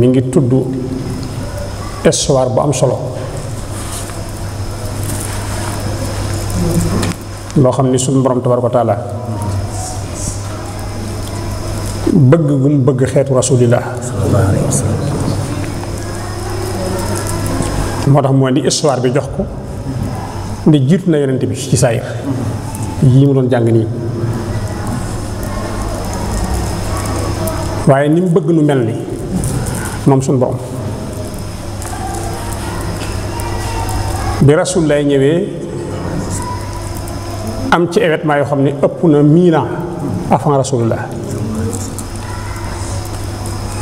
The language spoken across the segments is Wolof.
mi ngi tudd histoire bu am solo loo xam ni suñu borom tabaraka wa taala bëgg gum bëgg xeetu rasulillah sallallahu alayhi wa moo tax mooy di histoire bi jox ko ne jiitu na yonent bi ci saayir yi mu doon jàng nii waaye ni mu bëgg nu mel ni moom suñ borom bi rasul ñëwee am ci événement yoo xam ne ëpp na mille ans avant rasulullah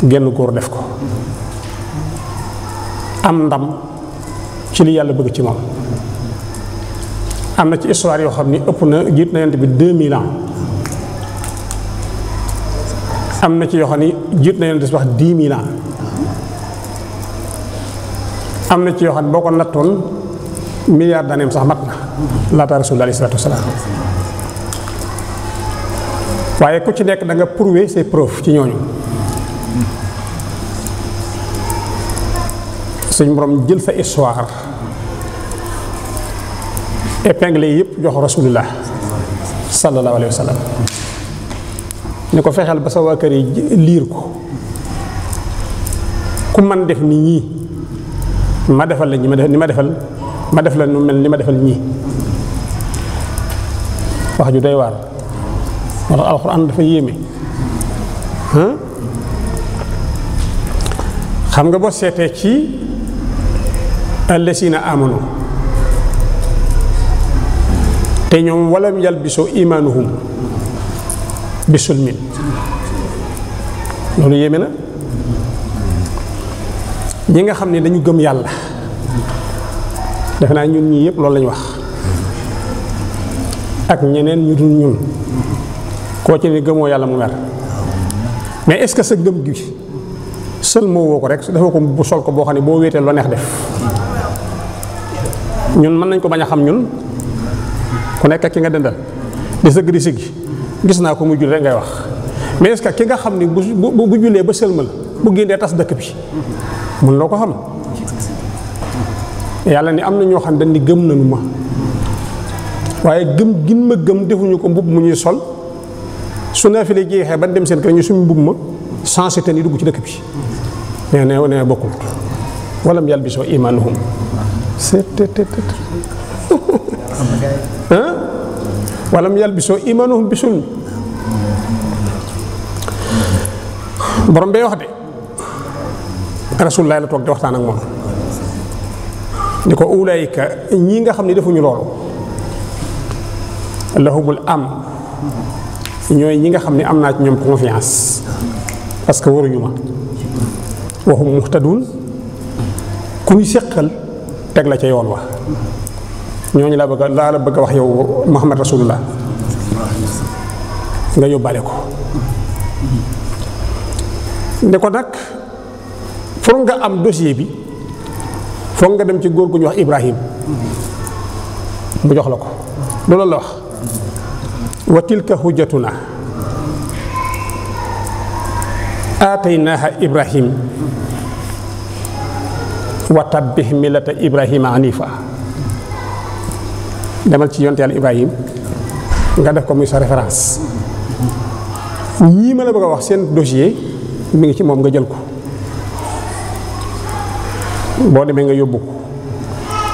genn góor def ko am ndam ci li yalla bëgg ci mom amna ci histoire yo xamni ëpp na jitt na yent bi 2000 ans amna ci yo xamni jitt na yent wax 10000 ans amna ci yo xamni boko natone milliard d'années sax matna la ta rasul alayhi salatu wasalaam ku ci nek da nga prouver ses preuves ci ñooñu suñ borom jël sa histoire épingle yëpp jox rasulullah sallallahu alayhi wa ni ko fexeel ba sa waa kër yi liir ko ku man def ni ñii ma defal la ñi ma def ni ma defal ma def la nu mel ni ma defal ñii wax ju doy waar wala alxuraan dafa yéeme xam nga boo seetee ci allasina amanu te ñoom walam yalbisu imanuhum bisulmin loolu yéeme na ñi nga xam ne dañu gëm yàlla defe naa ñun ñii yépp loolu lañu wax ak ñeneen ñu dul ñun ko ci ne gëmoo yàlla mu mer mais est ce que gëm gi sël moo woo rek dafa ko bu sol ko boo neex def ñun mën nañ ko bañ a xam ñun ku nekk ki nga dëndal di sëgg di sigi gis naa ko mu jul rek ngay wax mais est ce que ki nga xam ni bu bu bu ba sëlmal bu génnee tas dëkk bi mun loo xam yàlla ni am na ñoo xam dañ ni gëm nañu ma waaye gëm gin ma gëm defuñu ko mbub mu ñuy sol su naafile jeexee ba dem seen kër ñu suñu mbub ma sensé te ni dugg ci dëkk bi nee ne ne bokkul imanuhum walam yalbisoo imanuhum bisulm borom bee wax de rasulullah la toog di waxtaan ak moom ni ko ulaayika ñii nga xam ni defuñu loolu lahumul am ñooy ñi nga xam ne am naa ci ñoom confiance parce que waruñu ma waxum muxtadun ku ñu teg la ca yoon wa ñooñu laa bëgg laa la bëgg a wax yow Muhammad Rasulullah nga yóbbaale ko ne ko nag foog nga am dossier bi foog nga dem ci góor gu ñu wax Ibrahim mu jox la ko loolu la wax wa tilka hujjatuna aataynaaha Ibrahim wa tabbih millata ibrahima anifa. demal ci yonte ibrahim nga def ko muy sa reference ñi ma la bëgg wax seen dossier mi ngi ci mom nga jël ko bo demé nga yobbu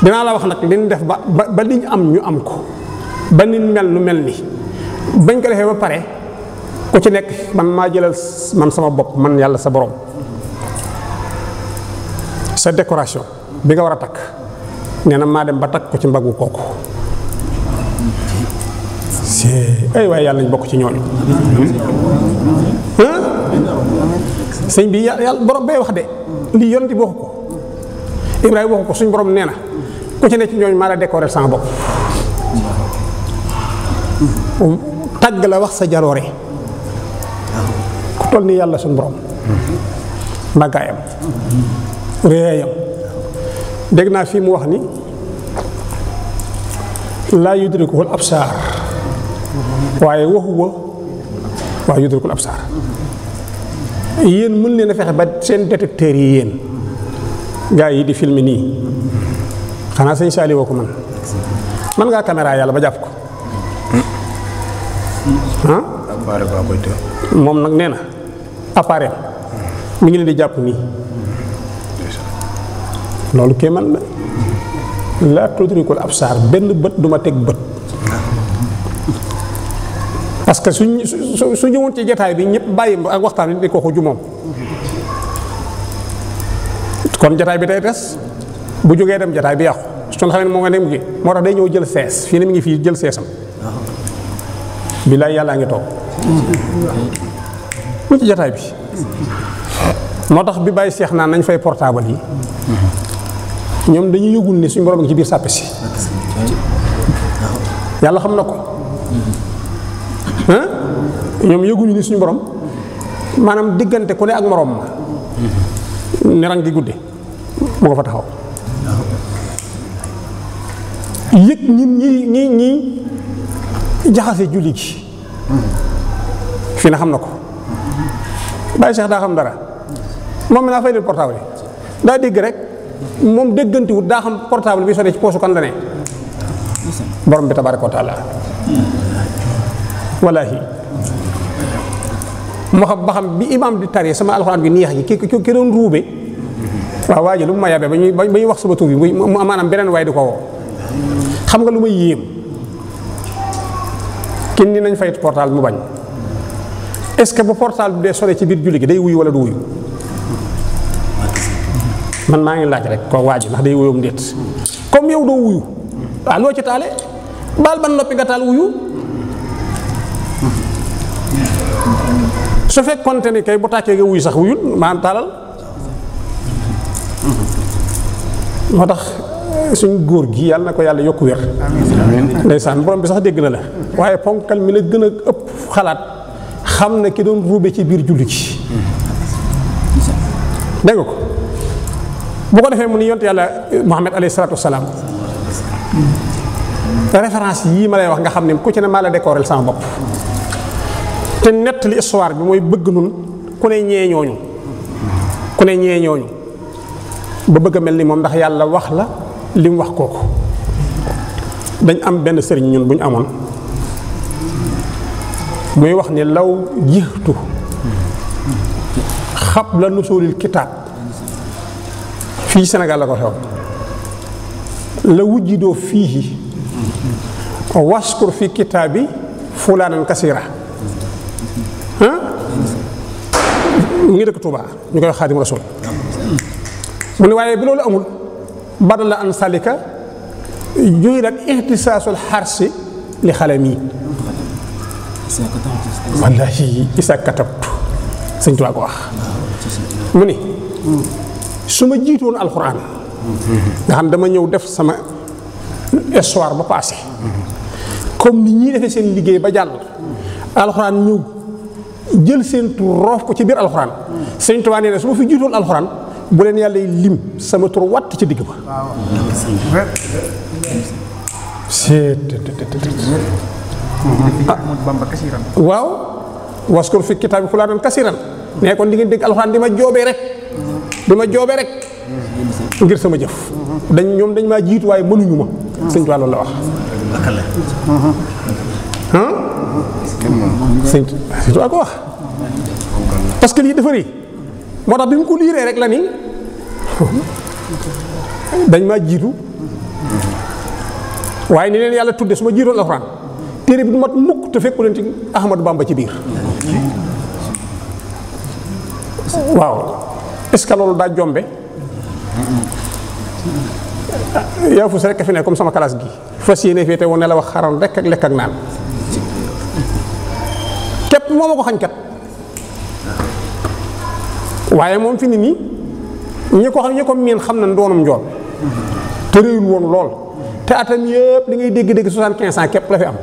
dina la wax nak li def ba ba liñ am ñu am ko ba ni mel lu melni bañ ko defé ba pare ku ci nekk man ma jëlal man sama bop man yalla sa borom sa décoration bi nga wara tak takk ma dem ba tak ko ci mbagu kooku si ay way yalla ñu bokk ci ñoon hein sëñ bi yalla borom bay wax de li yonti waxu ko ibrahim waxu ko suñ borom nee ku ci ne ci ñoon maa la décorer sama bopp um, tag la wax sa jaroré ku toll ni yàlla suñ borom magayam réeyam dégg naa fii mu wax ni laa yudrikuhul absaar waaye waxuwa waaw yudrikul absaar yéen mun leen fexe ba seen détecteurs yi yéen gars yi di filmer nii xanaa sëñ Saali woo ko man man ngaa caméra yàlla ba jàpp ko ah moom nag nee na appareil mi ngi leen di jàpp nii loolu man la laa ab absaar benn bët duma teg bët parce que su su su ñëwoon ci jataay bi ñëpp bàyyi ak waxtaan wi di ko xuju moom kon jataay bi day des bu jógee dem jataay bi yàqu su ñu moo nga dem gi moo tax day ñëw jël sees fii ne mi ngi fii jël seesam billaay yàllaa ngi toog mu ci jataay bi moo tax bi bàyyi seex naan nañ fay portaabal yi ñom dañuy yëgul ni suñu borom ci biir sàppe si yàlla xam nako hein ñom yëguñu ni suñu borom manam digënté ku né ak morom né rang gi guddé mo fa taxaw yek ñin ñi ñi ñi jaxase julli ci fi na xam nako bay cheikh da xam dara mom na fay di portable da dig rek moom dëggantiwut daa xam portable bi sone ci poosu kan la ne borom bi tabaaraka wa taala moo xam ba xam bi imaam di tare sama alxuraan bi neex ji ki ki doon ruube waaw waa ji lu mu ma yàbbee ba ñuy ba ñuy wax sama tur bi mu maanaam beneen waay di ko woo xam nga lu ma yéem kin ni nañ fayit portable mu bañ est-ce que ba portable bi dee sore ci biir julli gi day wuyu wala du wuyu man maa ngi laaj rek ko waaju ndax day wuyum déet comme yow doo wuyu waaw ah, loo ci taale baal ban noppi nga taal wuyu su fekkonte ni kay bu tàkkee nga wuyu sax wuyul maanaam taalal moo tax eh, suñu góor gi yàlla na ko yàlla yokku wér ndeysaan borom bi sax dégg na la waaye ponkal mi la gën a ëpp xalaat xam na ki doon ruube ci biir julli ci dégg ko bu ko defee mu ni yont yàlla Muhammad alayhi salaatu wasalaam référence yii ma lay wax nga xam ne ku ci ne maa la décorel sama bopp te nett li histoire bi mooy bëgg nun ku ne ñee ñooñu ku ne ñee ñooñu ba bëgg a mel ni moom ndax yàlla wax la li wax kooku dañ am benn sëriñ ñun bu ñu amoon muy wax ni law jixtu xab la nusulil kitaab في سنغال لا كو لوجدوا فيه واذكر في كتابي فلانا كثيرا ها ني دك توبا ني كاي خادم رسول من واي بي لول امول بدل ان سالك جوي رك اختصاص الحرس لخلمي والله اذا كتبت سنتوا كو واخ مني suma ma alquran nga xam dama ñew def sama histoire ba passé comme ni ñi defee seen liggéey ba jall alquran ñu jël seen tour roof ko ci biir alquran seigne touba ne suma fi jiitoon alquran bu len yalla lim sama tour wat ci digg ba waaw waskur fi kitab fulan kasiran ne kon di ngeen deg alquran di ma rek duma joobe rek ngir sama jëf dañ ñom dañ ma jitu way mënu ñuma sëñ Tuubaa la wax sëñ Tuubaa ko wax parce que li defari rëy moo bi mu ko liiree rek la ni dañ ma jitu waaye ni len yalla tuddé su jitu alquran téré bi mat mukk te fekku leen ci ahmadu bamba ci bir waaw est que loolu daa jombe yow fus rek a fi ne comme sama classe gi fas yéene fii te wu la wax xaral rekk ak lekk ak naan képp moo ma ko xañ kat waaye moom fi ni nii ñi ko xam ñi ko miin xam na doonum njool te réyul woon lool te atam yëpp li ngay dégg-dégg soixante-quinze ans képp la fi am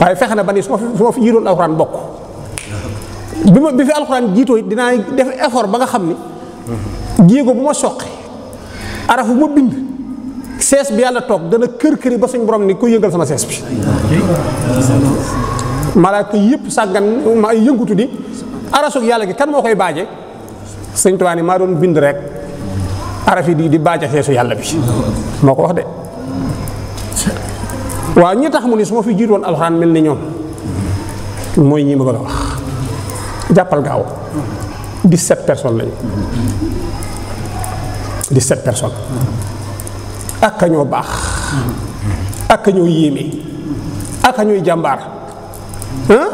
waaye fexe na ba ni su ma fi su ma fi yiiroon alxuraan bokk bima bi fi alquran jito dina def effort ba nga xamni ni jéego bu arafu mo bind ses bi yalla tok dana keur keuri ba suñu borom ni ko yëngal sama ses bi malaaka yépp sagan, ma yëngutu di arasug yalla gi kan mo koy baaje sëñ Tuubaa ni doon bind rek arafi di di baaje sesu yalla bi mako wax de wa ñi tax mu ni suma fi jitu won alquran melni moy ñi ma ko wax jappal gaaw 17 personnes lañu 17 personnes ak ñoo baax ak ñoo yéeme ak ñooy jàmbaar hein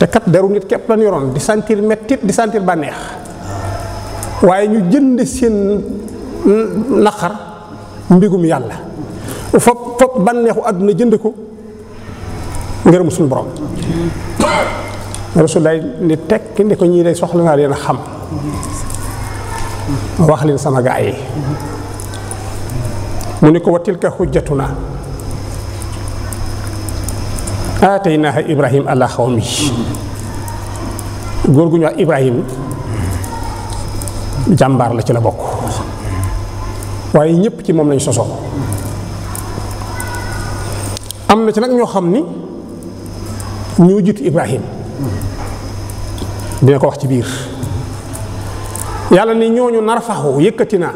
te kat deru nit képp lañ yoron di sentir metti di sentir banex waye ñu jënd seen naqar mbigum yalla fop fop banexu aduna jënd ko ngërëm suñu borom rasulaay ni tekk ni ko ñii de soxla naa leen xam wax leen sama gaa yi mu ne ko wa tilka xujjatuna aataynaaha ibrahim ala xawmi góor gu ñu wax ibrahim jàmbaar la ci la bokk waaye ñëpp ci moom lañ sosoo am na ci nag ñoo xam ni ñoo jiitu ibrahim dina ko wax ci biir yàlla ni ñooñu narfaxu yëkkati na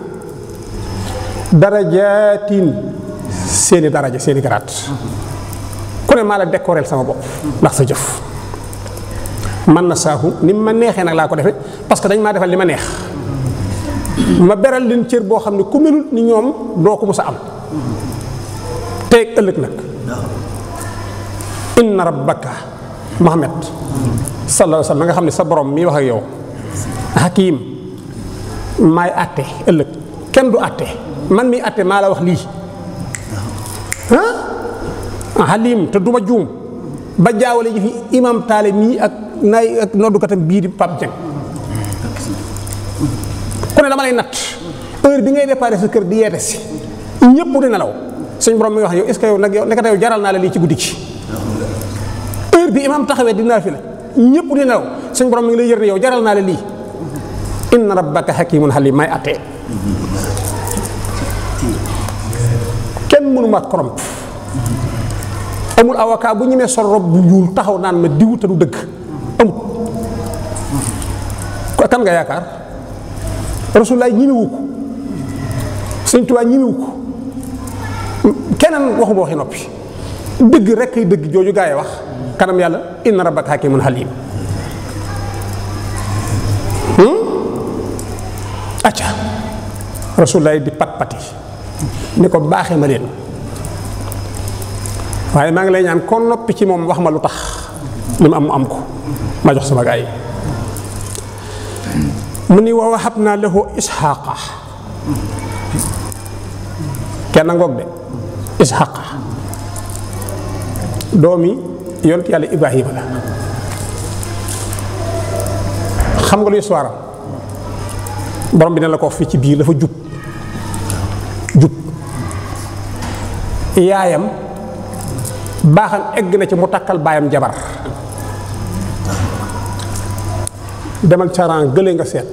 darajaatin seeni daraja seeni garaat ku ne maa la décoreel sama bopp ndax sa jëf man na saaku ni ma neexee nag laa ko defee parce que dañ maa defal li ma neex ma beral leen cër boo xam ne ku melut ni ñoom doo ko mës a am tey ëllëg nag inna rabbaka Muhammad sallallahu alayhi wa nga xam ne sa borom mi wax ak yow hakim maay àtte ëllëg kenn du àtte man mi àtte maa la wax lii ah halim te duma juum ba jaawale ji fi imam taale mii ak naay ak noddukatam bii di Pape Dieng ku ne dama lay natt heure bi ngay déparé sa kër di yeete si ñëpp di nelaw suñ borom mi wax yow est que yow nekkata yow jaral naa la lii ci guddi gi bi imaam taxawee di naafila ñëpp di nelaw suñ borom mi ngi lay yër ne yow jaral naa la lii inna rabbaka hakimun halim may attee kenn mënu ma koromp amul avocat bu ñemee sol rob bu ñuul taxaw naan ma diw te du dëgg amul ko kan nga yaakaar rasulaay ñimiwu ko sëñ Tuubaa keneen waxuma waxi noppi dëgg rekk dëgg jooju gaa yi wax kanam yalla inna rabbaka hakimun halim hmm? Acha. rasulullah di pat pati ne ko baaxee ma len waye ma ngi lay ñaan kon nopi ci mom wax ma lu tax am am ko ma jox sama gaay muni wa wahabna lahu ishaqa kenn ngoog de ishaqa domi yonent yalla ibrahima la xam nga lu soiram borom bi ne la ko fi ci biir dafa jub jub yaayam baaxam egg na ci mu takkal bayam jabar demal charan gele nga set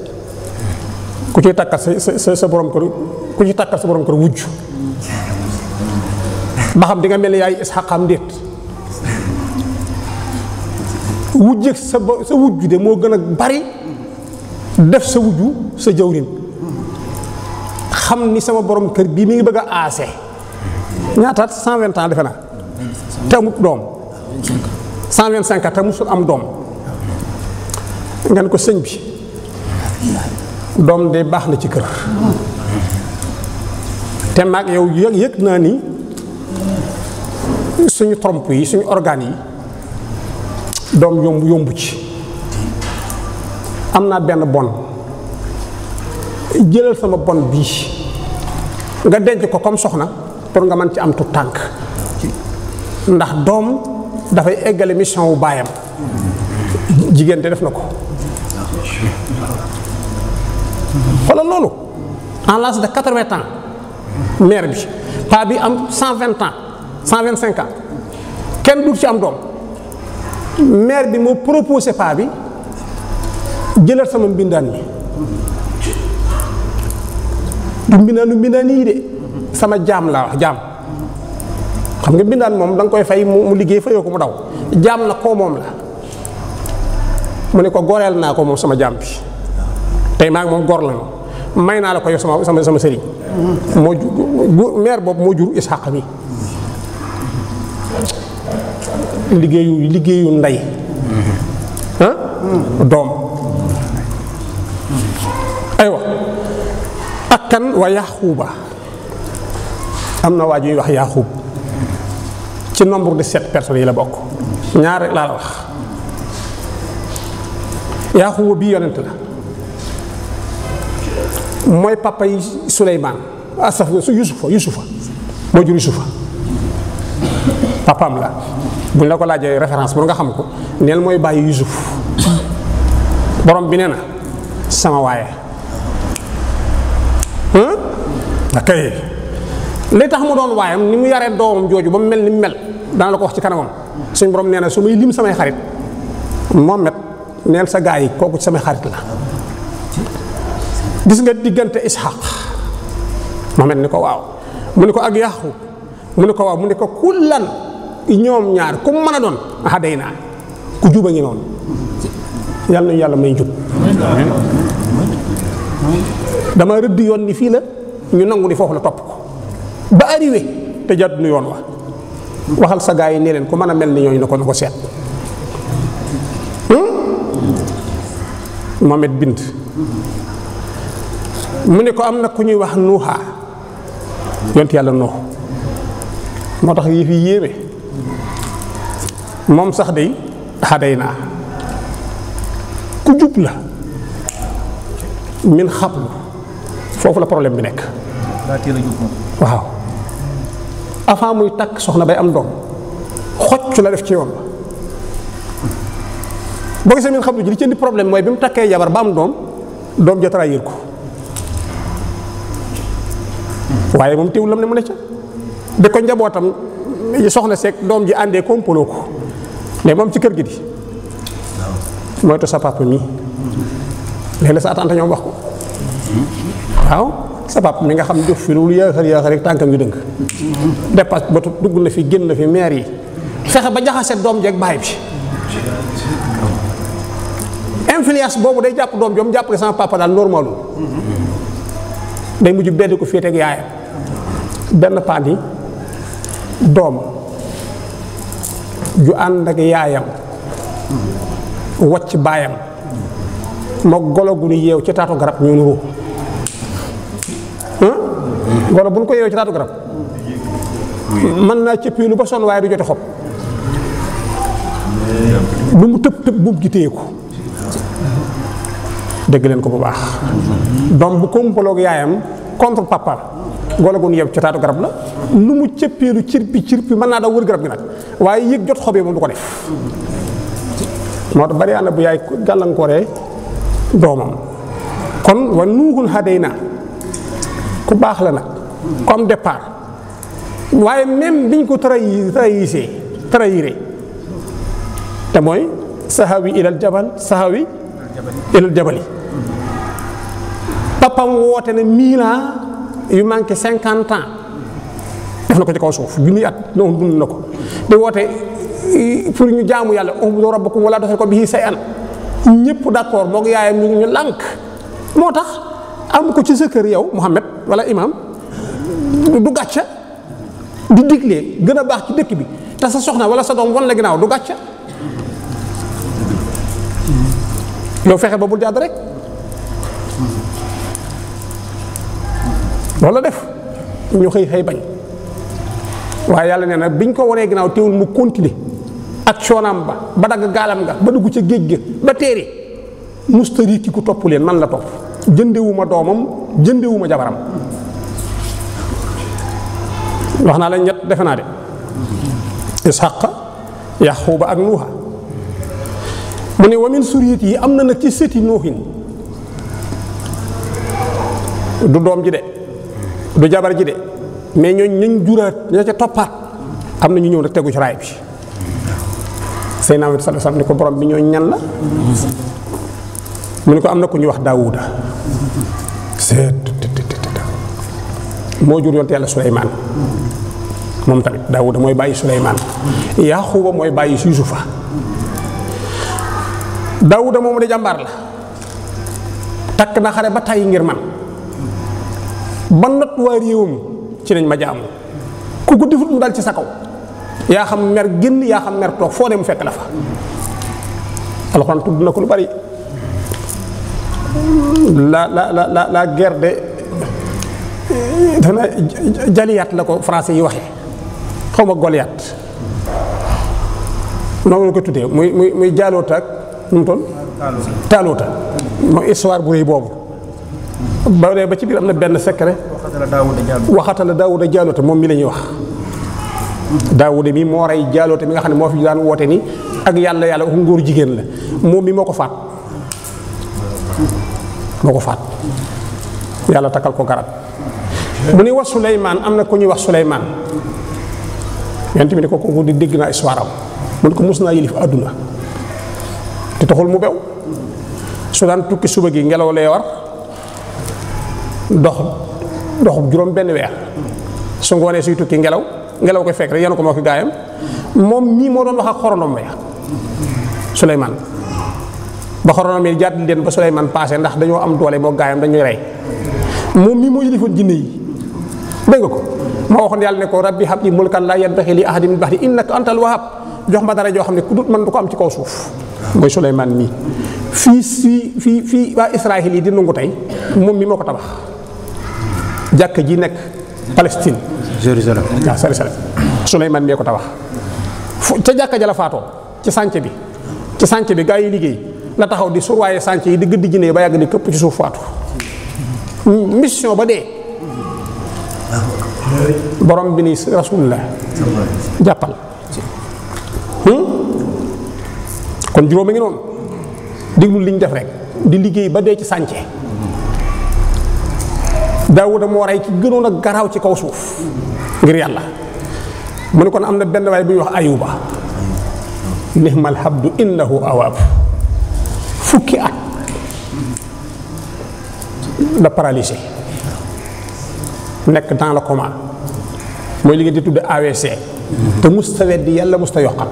ku ci takkal sa sa borom ko ku ci takkal sa borom ko wujju baxam di nga mel yaay ishaqam wujjeeg sa ba sa wujju de moo gën a bari def sa wujju sa jawrin xam ni sama borom kër bii mi ngi bëgg a aase ñaataat 120 ans defe na te amut doom 125 ans te musul am doom ngeen ko sëñ bi doom de baax na ci kër te maag yow yëg yëg naa ni suñu trompe yi suñu organes yi doom yomb yomb ci am naa benn bon jëlal sama bon bii nga denc ko comme soxna pour nga mën ci am tu tànk ndax doom dafay eggale mission wu baayam jigéen de def na ko xoolal loolu en l'âge de quatre-vingts ans mère bi paa bi am cent vingt ans cent vingt-cinq ans kenn du ci am doom maire bi moo proposé paa bi jëlal sama mbindaan mi du mbindaanu mbindaan yii de sama jaam laa wax jaam xam nga mbindaan moom da koy fay mu liggéey fayoo ko mu daw jaam na koo moom la mu ne ko goreel naa ko moom sama jaam bi tey maa moom gor la may naa la ko yow sama sama sama sëriñ moo jur maire boobu moo jur Isxaq mi liggéeyu liggéeyu ndey doom aywa ak kan wa yaxuuba am na waa ju wax yaxuub ci nombre de sept personnes yi la bokk ñaar rek laa la wax yaxuuba bii yonent la mooy papa yi Suleymaan astaghfirullah Yusufa Yusufa moo jur Yusufa papam la buñ la ko laaje référence pour nga xam ko neel moy baye yusuf borom bi neena sama sama waaye akay li tax mu doon wayam ni mu yare doom joju ba melni mel ni la ko wax ci kanamam suñ borom neena sumay lim samay xarit momet neel sa gaay koku samay xarit la gis nga digante ishaq momet ni ko waaw mu ni ko ak yahu mu ni ko kullan ñoom ñaar ku mën a doon haday naa ku juba ngi noonu yàlla nañu yàlla may jub dama rëdd yoon ni fii la ñu nangu ni foofu la topp ko ba arrivé te jàdd nu yoon wa waxal sa gaa yi ne leen ku mën a mel ni ñooñu na ko na ko seet hmm? Mohamed Bind mu ne ko am na ku ñuy wax nuuxaa yont yàlla nooxu moo tax yëf yéeme moom sax day xaday naa ku jub la min xablu foofu la problème bi nekk waaw avant muy takk soxna bay am doom xocc la def ci yoon boo gisee min xablu ji li ci indi problème mooy bi mu takkee jabar ba am doom doom ja trahir ko waaye moom teewul lam ne mu ne ca di ko njabootam soxna seeg doom ji àndee kompaloo ko mais mom ci kër gi di to sa papa mi lélé sa tante ñom wax ko waaw sa papa mi nga xam jox fi lu yaaxal yaaxal rek tankam yu dëng dépass ba dugg na fi genn na fi mère yi fexé ba jaxase doom jeeg baay bi influence bobu day japp dom jom japp sa papa dal normalu day muju bédd ko fété ak yaay benn paan dom ju and ak yaayam wacc bayam mo golo gu yew ci tatu garab ñu nuru golo buñ ko yew ci tatu garab man ci cëppilu ba son way du jote xop bu mu tepp tepp bu mu téye ko dégg ko bu baax dom bu yaayam contre papa golo gu nu yeb ci taatu garab la lu mu cëppeelu cirpi cirpi mën naa daw wër garab gi nag waaye yëg jot xob yi moom du ko def moo tax bari na bu yaay gàllankooree doomam kon wa nuuhun haday baax la nag comme départ waaye même biñ ko trahi trahisee trahiré te mooy sahawi ilal jabal sahawi ilal jabali papam woote ne mii yu manqué cinquante ans def na ko ci kaw suuf junniy at noonu dund na ko di woote pour ñu jaamu yàlla ubudu rabbakum wala tusriku bihi shay'an ñëpp d'accord moog yaayam ñu ñu lànk moo tax am ko ci sa kër yow Muhammad wala imam du gàcce di digle gën a baax ci dëkk bi te sa soxna wala sa doom wan la ginnaaw du gàcce yow fexe ba bul jàdd rek loolu la def ñu xëy xëy bañ waaye yàlla nee na biñ ko waree ginaaw teewul mu continuer ak coonam ba ba dagg gaalam nga ba dugg ca géej ga ba téere mustari ki ku topp leen man la topp jëndewuma doomam jëndewuma jabaram wax naa la ñett defe naa de isxaq yaxuba ak nuuha mu ne wamin suriyit yi am na nag ci sëti nooxin du doom ji de du jabar ji de mais ñooñ ñañ juraat ña ca toppaat am na ñu ñëw nag tegu ci raay bi say naa sallallahu alayhi wasallam ni ko borom bi ñoo ñan la mu ne ko am na ku ñu wax daawuda seet moo jur yonte yàlla suleymaan moom tamit daawuda mooy bàyyi suleymaan yaaxuba mooy bàyyi su yusufa daawuda moom de jàmbaar la takk na xare ba tàyyi ngir man ba not waa réewam ci nañ ma jaamu ku ko defut mu dal ci sa kaw yaa xam mer génn yaa xam mer toog foo mu fekk la fa alxuraan tudd na ko lu bari la la la la guerre de dana jaliyaat la ko français yi waxee xaw ma goliath noonu la ko tuddee muy muy muy jaaloota ak nu taaloota mooy histoire bu rëy boobu ba ba ci bir amna ben secret waxata la daawuda jaaloote mom mi lañuy wax daawuda mi mo ray jaaloote mi nga xamne mo fi daan wote ni ak yalla yalla ko ngor jigen la mom mi moko fat moko fat yalla takal ko garab mu wa sulayman amna am ñuy wax sulayman yentimi ko ko di deg na iswaram mun ko musna yilif te taxul mu bew su tukki suba gi ngelaw lay war dox dox juroom benn weer su ngoonee suy tukki ngelaw ngelaw koy fekk rek yanu ko moo ki gaayam moom mii moo doon wax ak xorondom ya suleyman ba xoronom yi leen ba suleyman passé ndax dañoo am doole moo gaayam dañuy rey moom mii moo yilifoon jinne yi dégg nga ko ma waxoon yàlla ne ko rabbi habli mulkan la yanbaxi li ahadin min innaka antal wahab jox ma dara joo xam ne man du ko am ci kaw suuf mooy suleyman mii fii si fii fii waa israel yi di nungu tey moom mi moo tabax jàkk ji nekk Palestine. Jérusalem waaw ah, Jérusalem Souleymane mee ko tabax fu ca jàkka ja la faatoo ci sànce bi ci sance bi gaa yi liggéey la taxaw di surwaaye sànce yi di gëdd jinne ba yàgg ni këpp ci suuf faatu mission ba dee borom bi ni rasulullah jàppal hmm? kon juróom a ngi noonu diglu liñ def rek di liggéey ba dee ci sànce daawuda moo rey ci gënoon a garaaw ci kaw suuf ngir yàlla mu ne kon am na benn waay bu ñuy wax ayuba nihmal habdu innahu awaab fukki at da paralysé nekk dans le coma mooy li ngeen di tudde AVC te musta weddi yàlla musta yoqal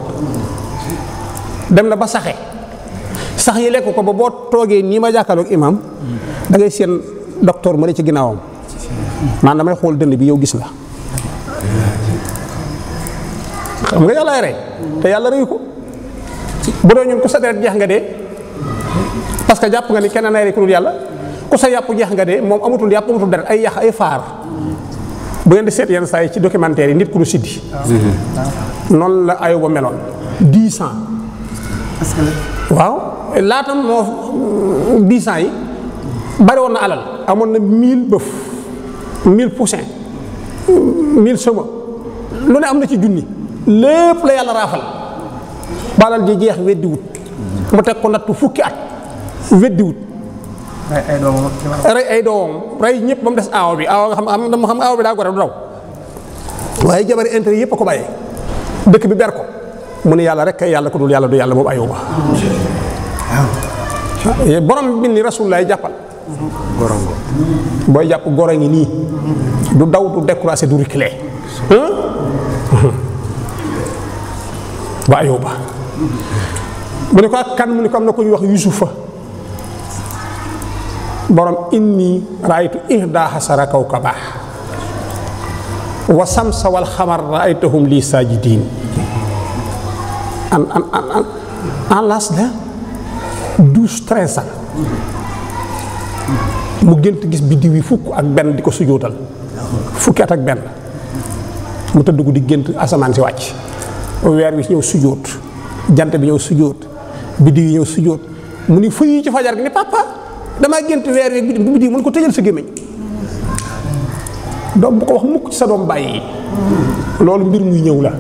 dem na ba saxe sax yi lekk ko ba boo toogee nii ma jàkkaarloog imaam da ngay seen docteur ma ne ci ginnaawam naan damay xool dënd bi yow gis nga xam nga yàllaay rey te yàlla reyu ko bu doo ñun ku sa deret jeex nga dee parce que jàpp nga ni kenn nay rey ku dul yàlla ku sa yàpp jeex nga dee moom amatul yàpp amatul deret ay yax ay faar bu ngeen di seet yenn saa yi ci documentaire yi nit ku du siddi noonu la ayuba meloon dix ans waaw laatam moo dix yi bari woon na alal amoon na mille bëf mille poussins mille ne am na ci junni lépp la yàlla raafal balal ji jeex weddiwut mu teg ko nattu fukki at weddiwut rey ay doomam rey ñëpp ba mu des aaw bi aaw xam xam am xam aaw bi daa gore du daw waaye jabari intérêt yëpp a ko bàyyee dëkk bi ber ko mu ne yàlla rek kay yàlla ko dul yàlla du yàlla boobu ay ba borom bi ni rasulullah jàppal gorongo boy japp goro ni du daw du décourager du reclé hein wa yoba mune ko kan mune ko am na ko ñu wax yusufa borom inni raaitu ihda hasara kawkaba wa samsa wal khamar raaituhum li sajidin an an an an, alas las 12 13 ans mu gënt gis biddiw yi fukk ak ben diko ko sujootal fukki at ak ben mu tedd gu di gënt asaman ci wacc wër wi ñew sujoot jant bi ñew sujoot mu ni fuy ci fajar ni papa dama gënt wër wi biddiw mu ko tejeel sa gémmiñ dom bu ko wax mukk ci sa dom bayyi loolu mbir muy ñew la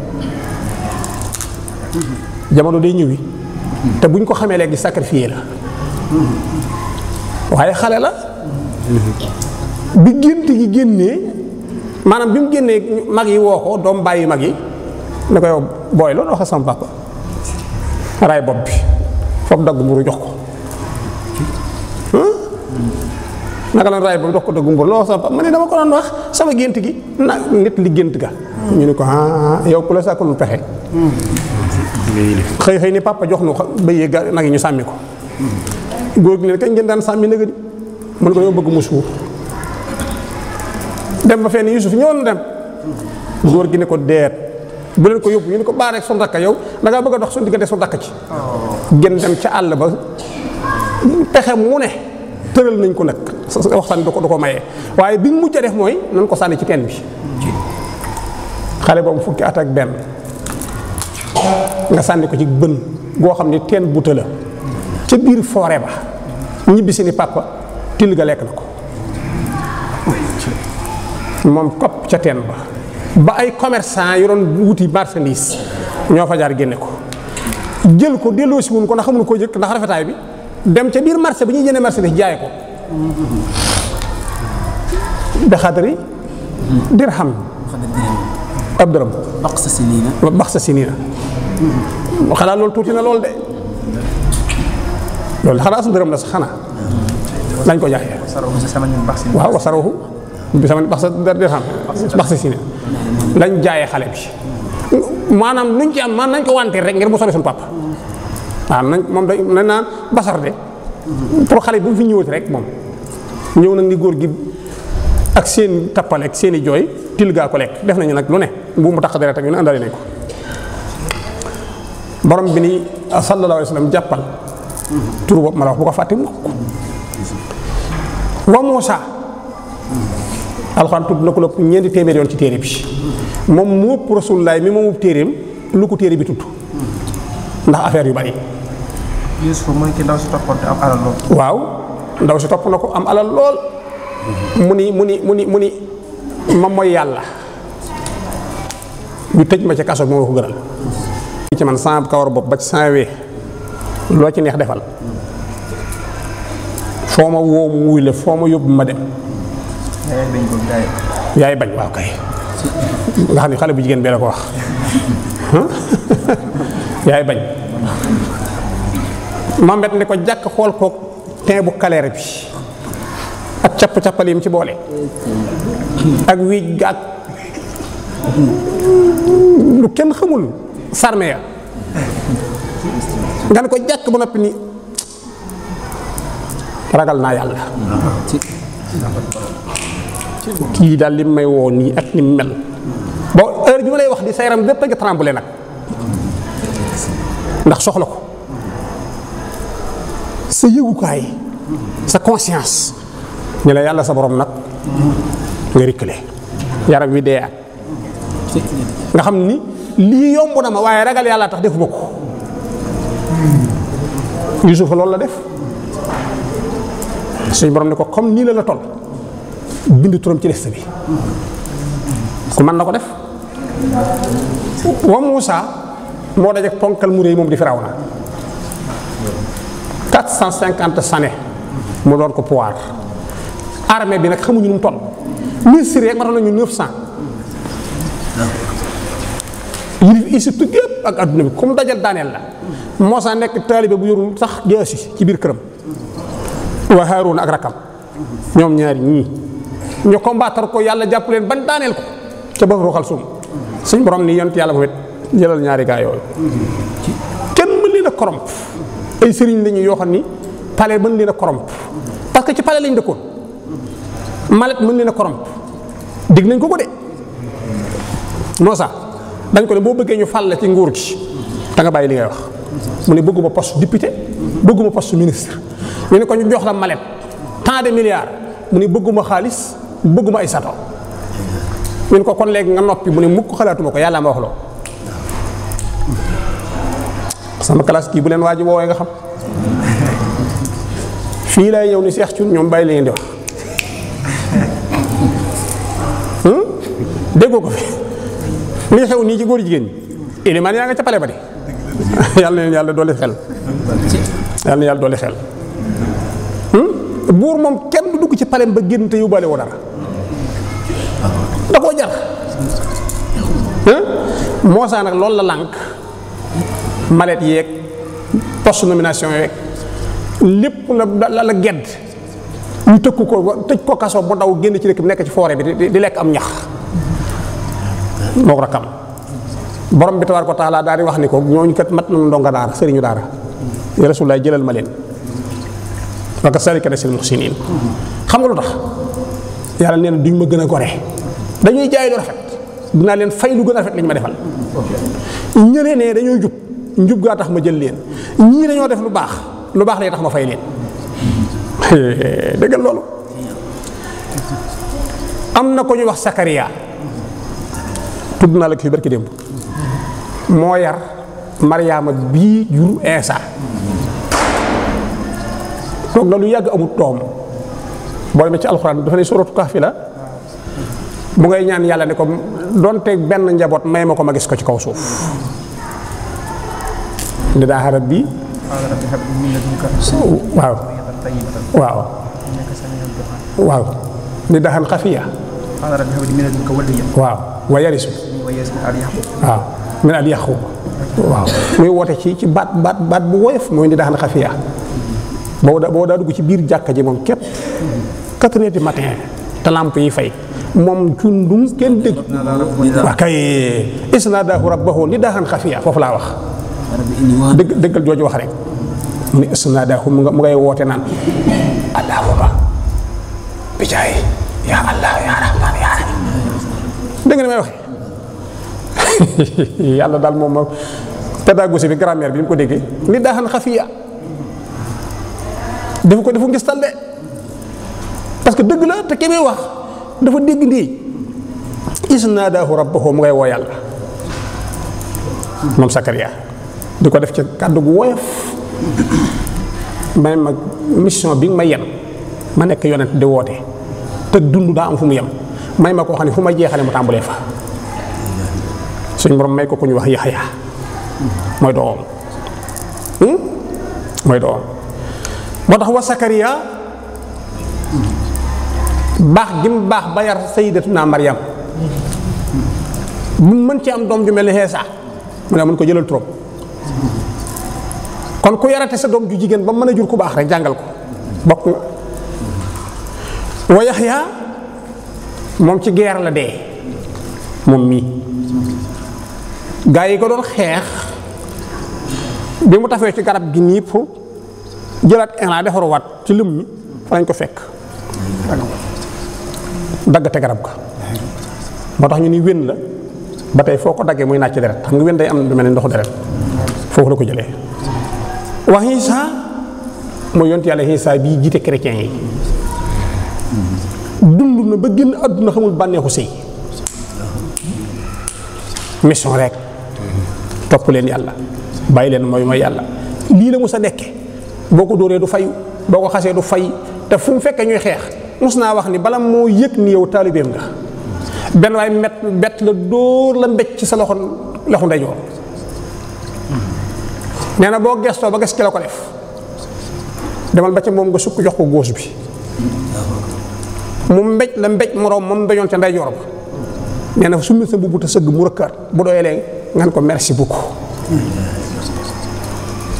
jamono day ñewi te buñ ko xamé sacrifier la waye xalé la bi genti gi genné manam bimu genné mag yi woo ko doom bàyyi mag yi ne ko yow booy loolu wax sama papa ray bob bi fop dag mburu jox ko naka la ray bob dox ko dag mbur lo sama papa mané dama ko doon wax sama genti gi na nit li genti ga ñu ni ko ah yow ko la sàkkalul pexe xey xey ni papa jox nu ba nak ñu sammi ko góor ni ne kañ ngeen dan sammi mu ne ko yow bëgg mu suur dem ba fenn yusuf ñoon dem góor gi ne ko deet bu leen ko yóbbu ñu ne ko baare rek son rakka yow da ngaa bëgg a dox suñ diggante son rakka ci gën dem ca àll ba pexe mu ne tëral nañ ko nag waxtaan du ko du ko maye waaye bi mu mujj a def mooy nan ko sànni ci teen bi xale boobu fukki at ak benn nga sànni ko ci bën goo xam ne teen buta la ca biir foore ba ñibbi ni papa till ga lekk na ko moom kopp ca teen ba ba ay commerçant yu doon wuti marchandise ñoo fa génne ko jël ko delloo si wuñ ko ndax xamuñu koo jëkk ndax rafetaay bi dem ca biir marché bi ñuy jëndee marchandise jaay ko bi xadri dirham ab dërëm bax sa siniina bax sa siniina loolu tuuti na lool de loolu xanaa su dërëm la sax xanaa lañ ko jaaxee wa ya? wasaruhu bi sama bax sa dirham bax sa sine lañ jaayee xalé bi manam luñ ci am man nañ ko wanteer rek ngir mu sori sun papa waaw ah, nañ mom day nañ naan basar de pour xalé bu fi ñëwati rek mom ñëw nak ni gor gi ak seen tapal ak seen joy tilga ko lek def nañu nak lu ne bu mu tax dara tak ñu ne nañ ko borom bi ni sallallahu alayhi wasallam jappal tur bob ma ko fatte wa Muusa alxuraan tudd na ko lépp ñeenti téeméer yoon ci téere bi moom mu ëpp rasulullaay mi moom ëpp téereem lu ko téere bi tudd ndax affaire yu bari Yuusuf mooy ki waaw ndaw si topp na ko am alal lool mu ni mu ni mu ni mu ni ma mooy yàlla ñu tëj ma ci kaso bi moo ko gënal ci man sans kawar bopp ba ci sans wee loo ci neex defal foo ma woo mu wuy la foo ma yóbbu ma dem. yaay bañ waaw kay. nga xam ne xale bu jigéen bee la ko wax yaay bañ. Mamet ne ko jàkk xool kook tin bu kaleere bi ak capp cappal yi mu ci boole ak wiij ga lu kenn xamul sarme ya nga ne ko jàkk ba noppi ni ragal naa yàlla kii daal li may woo nii ak ni mel ba heure bi ma lay wax di sa yaram bépp a ngi tremblé nag ndax soxla ko sa yëgukaay sa conscience ñu la yàlla sa borom nag nga rikkale yaram wi dee nga xam ni lii yomb na ma waaye ragal yàlla tax defuma ko Yuusufa loolu la def suñu borom ne ko comme nii la la toll bind turam ci liste bi ku man na ko def wa Moussa moo dajek ponkal mu réy moom di firaw na 450 sané mu doon ko pouvoir armée bi nag xamuñu nu mu toll ministre rek matal nañu 900 yilif Égypte gépp ak aduna bi comme dajal Daniel la Moussa nekk talibé bu yorul sax jeesi ci biir kërëm wa harun ak rakam ñom ñaar ñi ñu combattre ko yalla japp leen ban tanel ko ci ba roxal sum suñ borom ni yent yalla wet jëlal ñaari gaay yoy kenn mën leena koromp ay sëriñ lañu yo xamni palé mën leena koromp parce que ci palé lañu dekkon malet mën leena koromp dig nañ ko ko de no sa dañ ko le bo bëggee ñu fallé ci nguur gi da nga bayyi li ngay wax mune bëgguma poste député bëgguma poste ministre ñu ne ko ñu jox la malet tant de milliards mu ne bëgguma xaaliss bëgguma ay sato ñu ne ko kon léegi nga noppi mu ne mukk xalaatuma ko yàlla ma wax loo sama classe kii bu leen waaji woowee nga xam fii lay ñëw ni cheikh cun ñoom bàyyi leen di wax hmm? déggoo ko fi li xew nii ci góor jigéen ñi iliman yaa nga ca pale ba de yàlla na yàlla dolli xel yàlla na yàlla dolli xel Hmm? bour mom kenn du dugg ci palem ba génn te yóbbaale woo dara da ko jar mosa hmm? nak loolu la lank malet yek post nomination yek lepp la la la gedd ñu tekk ko tëj ko kasso bo daw génn ci dëkk nek ci foré bi di lek am ñax moo rakam borom bi tawar ko taala daari wax ni ko ñu kat mat nañu ndonga daara sëriñu daara ya rasulullah jëlal ma wa kasalika nasil muhsinin xam nga lutax yalla neena nee duñ ma gëna goré dañuy jaay lu rafet dina len fay lu gëna rafet liñ ma defal ñëne né dañuy jup njub ga tax ma jël leen ñi dañoo def lu baax lu baax lay tax ma fay leen dëggal lolu amna ko ñu wax sakaria tudd la ki barki dem mo yar mariama bi juru insa toog na lu yàgg amut doom boo demee ci alquran dafa ne suratu kahfi la bu ngay ñaan yàlla ne ko donte benn njaboot may ma ko ma gis ko ci kaw suuf ni daa xarab bi waaw waaw waaw ni daxan xafiya waaw wa yarisu waaw min al yaqub waaw muy wote ci ci baat baat baat bu woyof mooy ni daxan xafiya boo da boo daa dugg ci biir jàkka ji moom képp quatre heures du matin te lamp yi fay moom cundum kenn dégg waa kay isnadahu rabbahu ni dahan xafiya foofu laa wax dëgg dëggal jooju wax rek mu ne isnadahu mu nga mu ngay woote naan allahuma bijaay ya allah ya rahman ya rahim dégg nga may waxe yàlla daal moom pédagogie bi grammaire bi ni ko déggee ni dahan xafiya def ko defu ngistal de parce que deug la te kebe wax dafa deg ndi isnadahu rabbuhu mu ngay wo yalla mom sakariya diko def ci kaddu gu woyof may mag mission bi ma yam ma nek yonent di wote te dundu da am fu mu yem may ma ko xani fu ma jeexale mu tambule fa suñu borom may ko ku wax yahya moy doom hmm moy doom moo tax wa Sakariya baax gi mu baax ba yar Sayyidatuna Maryam mu mën ci am doom ju mel ni Xeesa mu ne mën ko jëlal trop kon ku yarate sa doom ju jigéen ba mën a jur ku baax rek jàngal ko bokk na moom ci guerre la dee moom mii gaa yi ko doon xeex bi mu tafee ci garab gi niip jëlaat inla defaruwaat ci lim ñi fa lañ ko fekk daggate garab ga moo tax ñu ni wén la ba tey foo ko daggee muy naaj ci deret xam nga wén day am lu mel ni ndoxu deret foofu la ko jële wax Isaa mooy yontu yàlla Isaa bii jiite chrétien yi dund na ba génn àdduna xamul bànneexu sëy mission rek topp leen yàlla bàyyi leen mooy mooy yàlla lii la mu sa nekke boko doore du fayu boko xasse du fay te fu mu fekke ñuy xex musna wax ni bala mo yek ni yow talibem nga ben way met bet la door la mbecc ci sa loxon loxu ndey jor neena bo gesto ba gess ci la def demal ba ci mom nga sukk jox ko gos bi mu mbecc la mbecc rom mom dañon ci ndey jor neena su mi sa bubu te seug mu rekkar bu doyele ngan ko merci beaucoup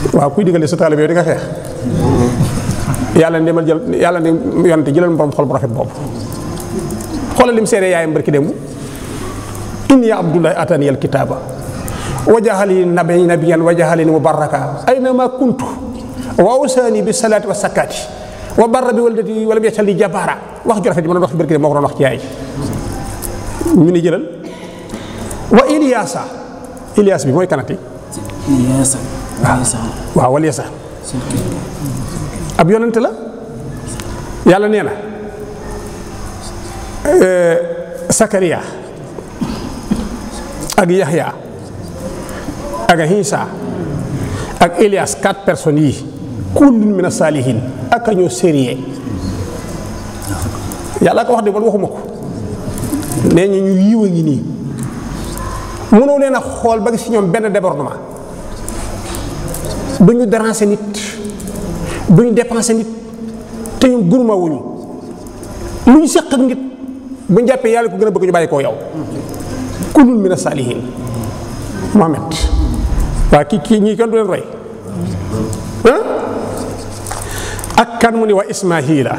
waaw kuy digale sa taalibe di nga xeex yàlla ne demal jël yàlla ne yonte jëlal borom xol bu rafet boobu xoolal lim seede yaayam barki démb inni abdullahi atani al kitaaba wajaxali nabi nabiyan wajaxali mubaraka ayna ma kuntu wa awsani bi salaati wa sakkaati wa barra bi walidati wala bi yasali jabaara wax ju rafet yi ma doon wax ci barki démb moo ko doon wax ci yaay ñu ni jëlal wa Iliyaasa Iliyaas bi mooy kanati waaw wal yasa ab yonent la yàlla nee na sakariya eh, ak yaxya ak hinsa ak Elias quatre personnes yi kullun min as-salihin ak a yàlla ko wax de waxuma ko nee ñu ñu yiw a ngi nii mënoo leen xool ba gis ci ñoom benn débordement du ñu déranger nit du ñu dépenser nit te ñun gurma wuñu ñu seq ak bu ñu jàppee yàlla ko gën a bëgg ñu bàyyi koo yow kunun mina saalihin Mohamed waa kii kii ñii kenn du leen roy ak kan mu ni waa Ismaahila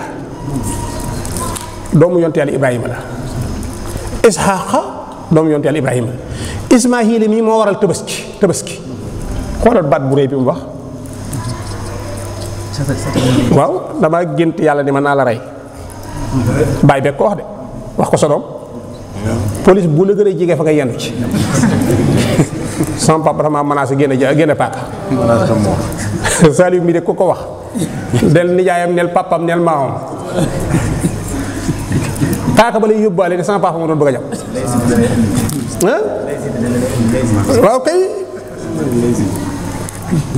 doomu yonte yàlla Ibrahima la Isxaaqa doomu yonte yàlla Ibrahima Ismaahila mii moo waral tabaski tabaski xoolal baat bu rëy bi mu wax waaw dama gént yàlla ni man naa la rey bàyyi beeg ko wax de wax ko sa doom police bu la Mana a jege fa nga yendu ci sama papa dama menacé génne ja génne paaka Saliou mi de ku ko wax del nijaayam nel papam nel maamam paaka ba lay yóbbaale ne sama papa ma doon bëgg a jàpp waaw kay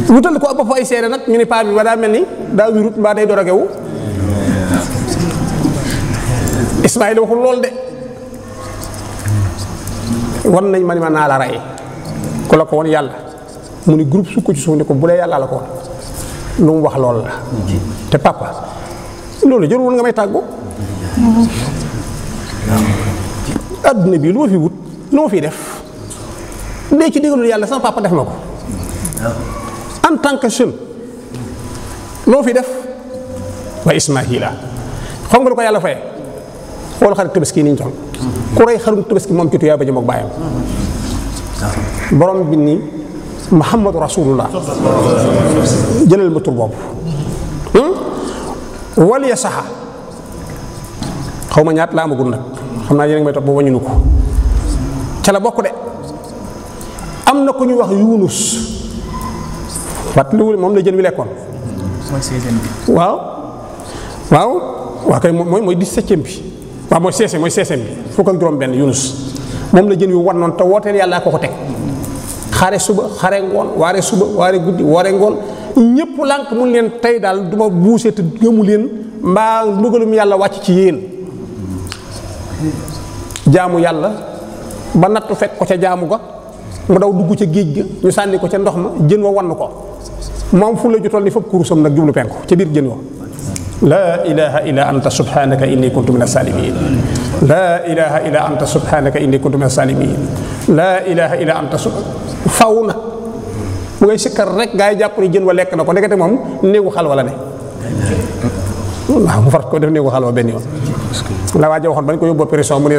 wutal ko ëpp fa ay seere nag ñu ne paa bi ba daa mel ni daa wirut mbaa day doroge wu Ismaayil waxul lool de wan nañ ma ni ma naa la rey ku la ko wan yàlla mu ni groupe sukk ci suuf ni ko bu dee yàlla la ko wan lu mu wax lool la te papa loolu jël woon nga may tàggu adduna bi lu ma fi wut lu ma fi def dee ci digalul yàlla sama papa def na ko en tant que jeune loo fi def wa ismahila xam lu ko yàlla faye xool xarit tabaski niñ jox ku rey xarum tabaski moom ci tuyaa ba jëm bi ni muhammadu rasulullah jëlal ma tur boobu hmm? wal ya saxa xaw ma ñaat laa amagul nag xam naa yéen a ngi may topp ba wañunu ko ca bokk de am na ku ñu wax yunus fàttaliwul moom la jën wi lekkoon. mooy seizième waaw waaw waa kay mooy mooy dix-septième bi waaw mooy seizième mooy seizième bi fukk ak juróom-benn Yunus moom la jën wi war noonu te wooteel yàllaa ko ko teg. xare suba xare ngoon waare suba waare guddi waare ngoon ñëpp lànk mun leen tey daal du ma buusee te gëmu leen mbaa mbugalum yàlla wàcc ci yéen jaamu yàlla ba nattu fekk ko ca jaamu ga mu daw dugg ca géej ga ñu sànni ko ca ndox ma jën wa wann ko moom fu la ju toll ni fëpp kurusam nag jublu penku ca biir jën wa laa ilaha illa anta subhanaka inni kuntu min asalimin laa ilaha illa anta subhanaka inni kuntu min asalimin laa ilaha illa anta faw na mu ngay sikkar rek gaa jàpp ni jën wa lekk na ko ndekete moom néegu xalwa la ne waaw mu far ko def néegu xalwa benn yoon la waaja waxoon ba ñu ko yóbboo prison mu ne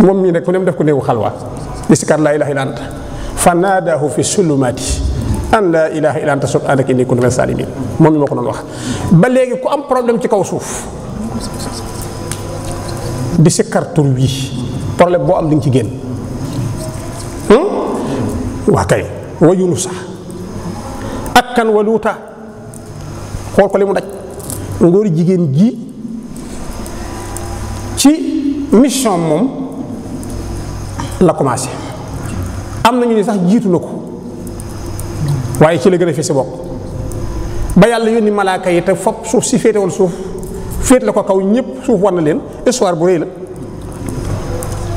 moom mii nag ku ne mu def ko néegu xalwa di si kaat laa ilaha illa anta fa naadaahu fi sulumaati an laa ilaha illa anta subhanaka inni kuntu min salimin moom mi moo ko doon wax ba léegi ku am problème ci kaw suuf di sikkar tur wi problème boo am di nga ci génn hmm? waa kay wa yunusa ak kan wa luuta xool ko li mu daj ngóor jigéen ji ci mission moom la commencé am nañu ni sax jiitu na ko waaye ci la gën a fi si bokk ba yàlla yónni malaaka yi te fop suuf si féete woon suuf féet la ko kaw ñëpp suuf war na leen histoire bu rëy la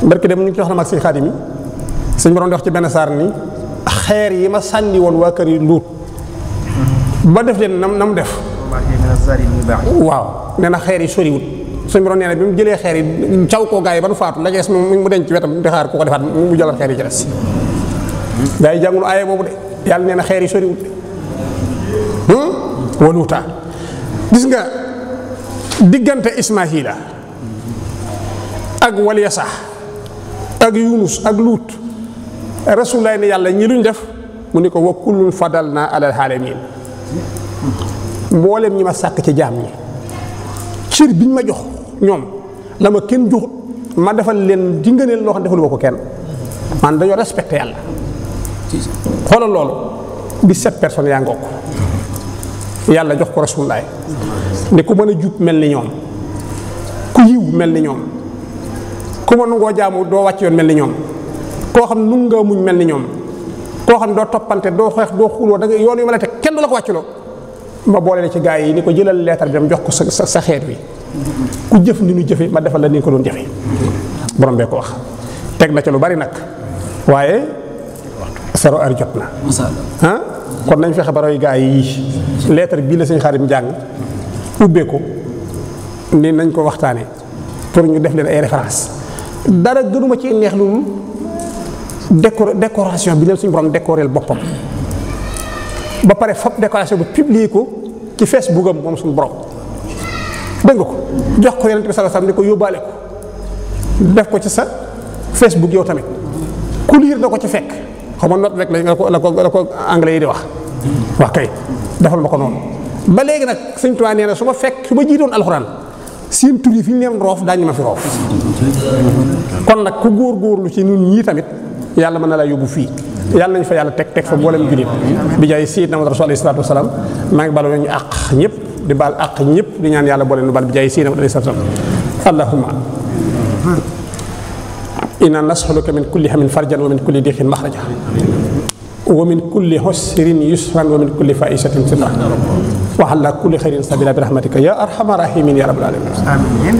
barki dem ñu ngi ci wax na mag sëñ xaadim yi sëñ borom di wax ci benn saar ni xeer yi ma sànni woon waa kër yi nduut ba def leen nam nam def waaw nee na xeer yi soriwut suñu borom neena bi mu jëlee xeer yi caw ko gaay ban faatu la jees mu denc wétam di xaar ku ko defat mu jëlal xeer yi ci des day jangul ayé bobu de yalla neena xeer yi wut de hmm? waluuta gis nga diggante ismahila ak waliyasa ak yunus ak lut rasulullah ne yalla ñi luñ def mu ni ko wa kullun fadalna ala alalamin mboolem ñi ma sàkk ci jamm ñi biñ ma jox ñoom la ma kenn joxut ma defal leen jingëneel loo xam ne defaluma ko kenn man dañoo respecte yàlla xoolal loolu dix-sept personnes yaa ngokk yàlla jox ko rasulaay ne ku mën a jub mel ni ñoom ku yiw mel ni ñoom ku ma nungoo jaamu doo wàcc yoon mel ñoom koo xam nu nga muñ mel ni ñoom koo xam doo toppante doo xeex doo xuloo da nga yoon yu ma la teg kenn du la ko wàcculoo ma boole la ci gaa yi ni ko jëlal leetar bi dem jox ko sa sa xeet wi ku jëf ni ñu jëfé ma defal la ni ko doon jëfé borom be ko wax tek na ci lu bari nak waaye saro ar jot na ah kon nañ fexé ba roy gaa yi lettre bi la sëñ xarim jang ubbe ko ni nañ ko waxtane pour ñu def leen ay référence dara gënuma ci neex lu décor décoration bi leen suñu borom décorel bopam ba paré fop décoration bu publier ko ci facebook am moom suñu borom dégg ko jox ko yonente bi sala ne ko yobale ko def ko ci sa facebook yow tamit ku lire nako ci fek xam not rek la ko la ko la ko anglais yi di wax wax kay defal mako non ba legi nak seigne touba neena suma fek suma jidon alcorane ma jiitoon seen tur fi ñu leen roof daañu ma fi roof kon nak ku gor lu ci ñun ñii tamit yalla man la yobu fi yalla yàlla nañ fa yalla tek tek fa bolem julit bi jay sayidna muhammad rasul alayhi salatu wasalam maa ngi balu ñu ak ñëpp di baal àq ñëpp di ñaan yàlla boole nu baal bi jaay siinam alayhi salaam allahumma inna nasaluka min kulli hamin farjan wa min kulli dixin maxraja wa min kulli husrin yusran wa min kulli faisatin sirra wa ala kulli xayrin sabila bi rahmatika ya arhamar rahimin ya rabbal alamin